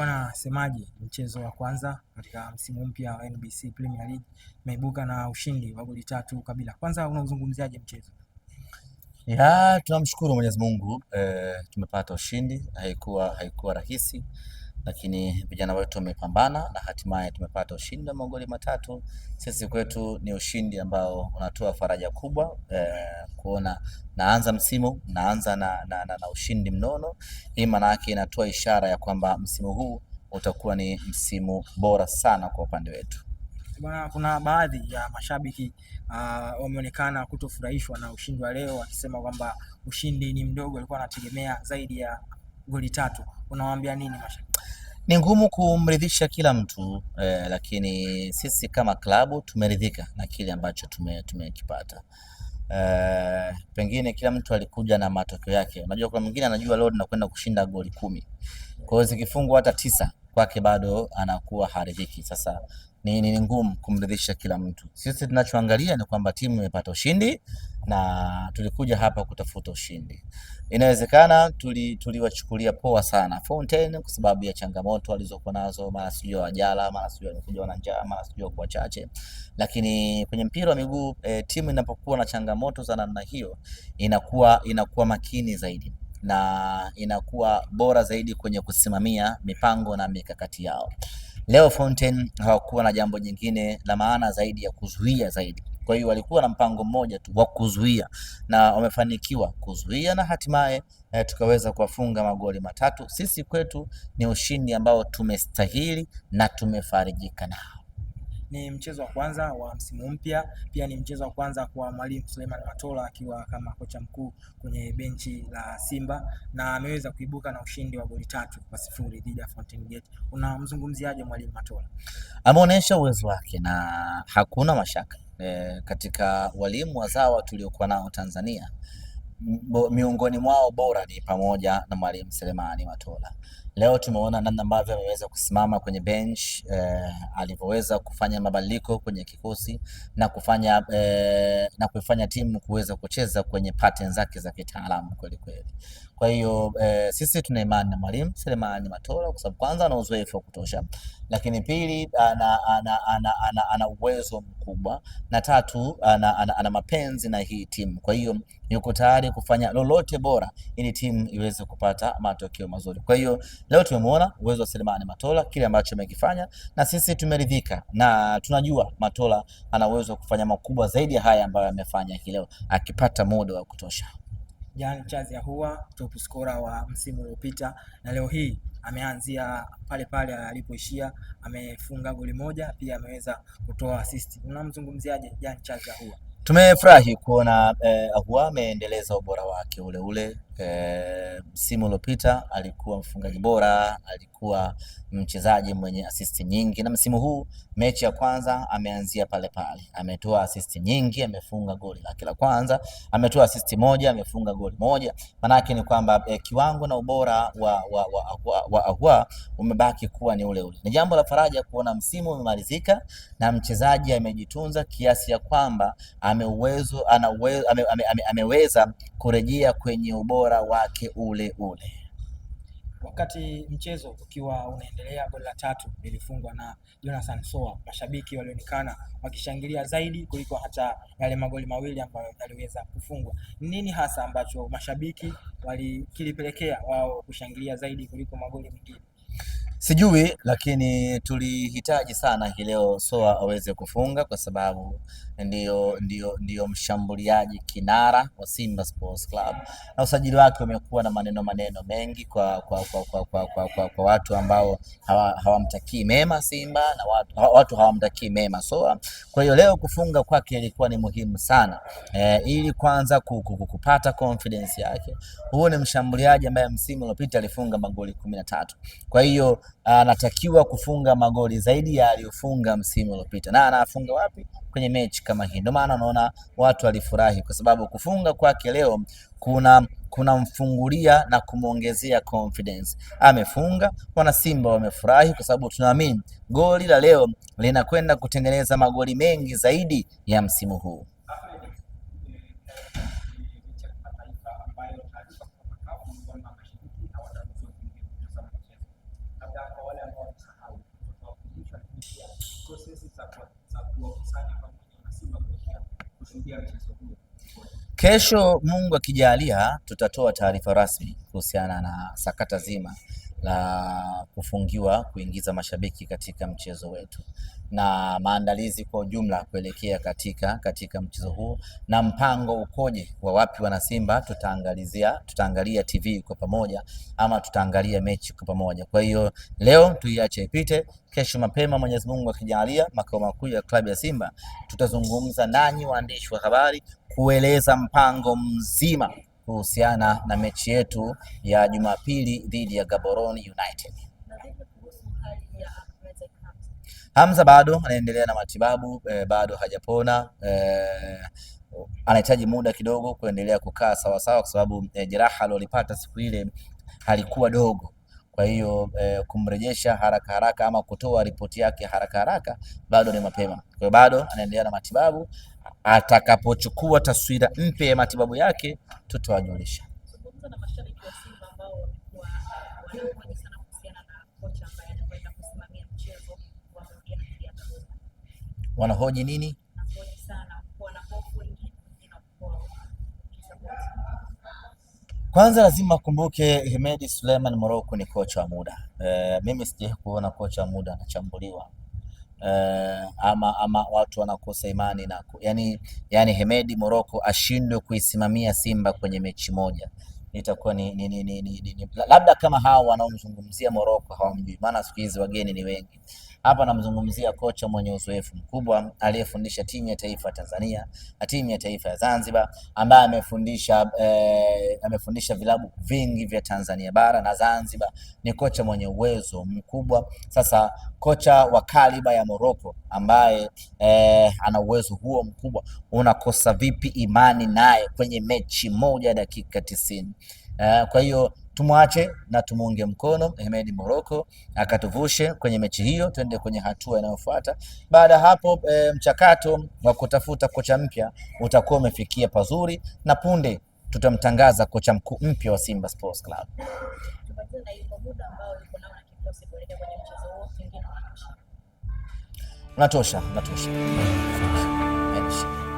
Bwana semaji, mchezo wa kwanza katika msimu mpya wa NBC Premier League umeibuka na ushindi wa goli tatu kabila. Kwanza unauzungumziaje mchezo? Ya, tunamshukuru Mwenyezi Mungu eh, tumepata ushindi. Haikuwa haikuwa rahisi lakini vijana wetu wamepambana na hatimaye tumepata ushindi wa magoli matatu. Sisi kwetu ni ushindi ambao unatoa faraja kubwa eh, kuona naanza msimu naanza na, na, na, na ushindi mnono. Hii maana yake inatoa ishara ya kwamba msimu huu utakuwa ni msimu bora sana kwa upande wetu. kuna baadhi ya mashabiki uh, wameonekana kutofurahishwa na ushindi wa leo, wakisema kwamba ushindi ni mdogo, alikuwa anategemea zaidi ya goli tatu. Unawaambia nini mashabiki? Ni ngumu kumridhisha kila mtu eh, lakini sisi kama klabu tumeridhika na kile ambacho tumekipata. Tume eh, pengine kila mtu alikuja na matokeo yake. Unajua kuna mwingine anajua leo tunakwenda kushinda goli kumi, kwa hiyo zikifungwa hata tisa kwake bado anakuwa haridhiki. Sasa ni, ni ngumu kumridhisha kila mtu. Sisi tunachoangalia ni kwamba timu imepata ushindi na tulikuja hapa kutafuta ushindi. Inawezekana tuliwachukulia tuli poa sana Fountain kwa sababu ya changamoto walizokuwa nazo, mara sijui wajala, mara sijui wamekuja na njaa, mara sijui kwa chache, lakini kwenye mpira wa miguu e, timu inapokuwa na changamoto za namna hiyo inakuwa, inakuwa makini zaidi na inakuwa bora zaidi kwenye kusimamia mipango na mikakati yao. Leo Fountain hawakuwa na jambo jingine la maana zaidi ya kuzuia zaidi. Kwa hiyo walikuwa na mpango mmoja tu wa kuzuia na wamefanikiwa kuzuia na hatimaye eh, tukaweza kuwafunga magoli matatu. Sisi kwetu ni ushindi ambao tumestahili na tumefarijika nao. Ni mchezo wa kwanza wa msimu mpya, pia ni mchezo wa kwanza kwa mwalimu Suleiman Matola akiwa kama kocha mkuu kwenye benchi la Simba, na ameweza kuibuka na ushindi wa goli tatu kwa sifuri dhidi ya Fountain Gate. Unamzungumziaje mwalimu Matola? Ameonyesha uwezo wake na hakuna mashaka e, katika walimu wazawa tuliokuwa nao Tanzania miongoni mwao bora ni pamoja na mwalimu Selemani Matola. Leo tumeona namna ambavyo ameweza kusimama kwenye bench eh, alivyoweza kufanya mabadiliko kwenye kikosi na kufanya eh, na kuifanya timu kuweza kucheza kwenye pattern zake za kitaalamu kweli kweli. Kwa hiyo eh, sisi tuna imani na mwalimu Selemani Matola kwa sababu kwanza ana uzoefu wa kutosha, lakini pili ana, ana, ana, ana, ana uwezo mkubwa na tatu ana, ana, ana mapenzi na hii timu, kwa hiyo yuko tayari kufanya lolote bora ili timu iweze kupata matokeo mazuri. Kwa hiyo Leo tumemwona uwezo wa Selemani Matola, kile ambacho amekifanya, na sisi tumeridhika, na tunajua Matola ana uwezo wa kufanya makubwa zaidi ya haya ambayo amefanya hii leo akipata muda wa kutosha. Jan Chazi huwa top scorer wa msimu uliopita, na leo hii ameanzia pale pale alipoishia, amefunga goli moja, pia ameweza kutoa assist. Unamzungumziaje Jan Chazi huwa? Tumefurahi kuona eh, Ahua ameendeleza ubora wake ule ule Eh, msimu e, uliopita alikuwa mfungaji bora, alikuwa mchezaji mwenye asisti nyingi, na msimu huu mechi ya kwanza ameanzia pale pale, ametoa asisti nyingi, amefunga goli lake la kwanza, ametoa asisti moja, amefunga goli moja. Manake ni kwamba e, kiwango na ubora wa wa wa wa wa umebaki kuwa ni ule ule. Ni jambo la faraja kuona msimu umemalizika na mchezaji amejitunza kiasi ya kwamba ameweza ame, ame, ame, ameweza kurejea kwenye ubora ubora wake ule ule. Wakati mchezo ukiwa unaendelea, goli la tatu lilifungwa na Jonathan Soa. Mashabiki walionekana wakishangilia zaidi kuliko hata yale magoli mawili ambayo yaliweza kufungwa. Nini hasa ambacho mashabiki walikilipelekea wao kushangilia zaidi kuliko magoli mengine? sijui, lakini tulihitaji sana hii leo Soa aweze kufunga kwa sababu ndiyo, ndio, ndio mshambuliaji kinara wa Simba Sports Club na usajili wake umekuwa na maneno maneno mengi kwa, kwa, kwa, kwa, kwa, kwa, kwa, kwa watu ambao hawamtakii hawa mema Simba na watu, watu hawamtakii mema Soa. Kwa hiyo leo kufunga kwake ilikuwa ni muhimu sana e, ili kwanza kupata confidence yake. huu ni mshambuliaji ambaye msimu uliopita alifunga magoli kumi na tatu. Kwa hiyo Ah, anatakiwa kufunga magoli zaidi ya aliyofunga msimu uliopita, na anafunga wapi? Kwenye mechi kama hii. Ndio maana unaona watu walifurahi kwa sababu kufunga kwake leo kuna kunamfungulia na kumwongezea confidence. Amefunga, wana Simba wamefurahi kwa sababu tunaamini goli la leo linakwenda kutengeneza magoli mengi zaidi ya msimu huu. Kesho Mungu akijalia tutatoa taarifa rasmi kuhusiana na sakata zima la kufungiwa kuingiza mashabiki katika mchezo wetu na maandalizi kwa ujumla kuelekea katika katika mchezo huu na mpango ukoje wa wapi wanasimba tutaangalizia tutaangalia TV kwa pamoja ama tutaangalia mechi kwa pamoja. Kwa hiyo leo tuiache ipite, kesho mapema Mwenyezi Mungu akijalia, makao makuu ya klabu ya Simba tutazungumza nanyi waandishi wa habari kueleza mpango mzima kuhusiana na mechi yetu ya Jumapili dhidi ya Gaborone United. Hamza bado anaendelea na matibabu eh, bado hajapona eh, anahitaji muda kidogo kuendelea kukaa sawasawa, kwa sababu eh, jeraha alilopata siku ile halikuwa dogo kwa hiyo eh, kumrejesha haraka haraka ama kutoa ripoti yake haraka haraka bado ni mapema. Kwa hiyo bado anaendelea na matibabu, atakapochukua taswira mpya ya matibabu yake tutawajulisha. Eh, wanahoji nini? Kwanza lazima akumbuke Hemedi Suleiman Morocco ni kocha wa muda e, mimi sijawahi kuona kocha wa muda anachambuliwa e, ama, ama watu wanakosa imani na yani, yani Hemedi Morocco ashindwe kuisimamia Simba kwenye mechi moja itakuwa ni, ni, ni, ni, ni, ni, labda kama hawa wanaomzungumzia Morocco hawamjui, maana siku hizi wageni ni wengi. Hapa namzungumzia kocha mwenye uzoefu mkubwa aliyefundisha timu ya taifa ya Tanzania na timu ya taifa ya Zanzibar, ambaye amefundisha eh, amefundisha vilabu vingi vya Tanzania bara na Zanzibar. Ni kocha mwenye uwezo mkubwa. Sasa kocha wa kaliba ya Morocco ambaye eh, ana uwezo huo mkubwa, unakosa vipi imani naye kwenye mechi moja dakika tisini? Uh, kwa hiyo tumwache na tumuunge mkono Hemedi Morocco akatuvushe kwenye mechi hiyo, twende kwenye hatua inayofuata. Baada ya hapo e, mchakato wa kutafuta kocha mpya utakuwa umefikia pazuri na punde tutamtangaza kocha mkuu mpya wa Simba Sports Club. Natosha, natosha.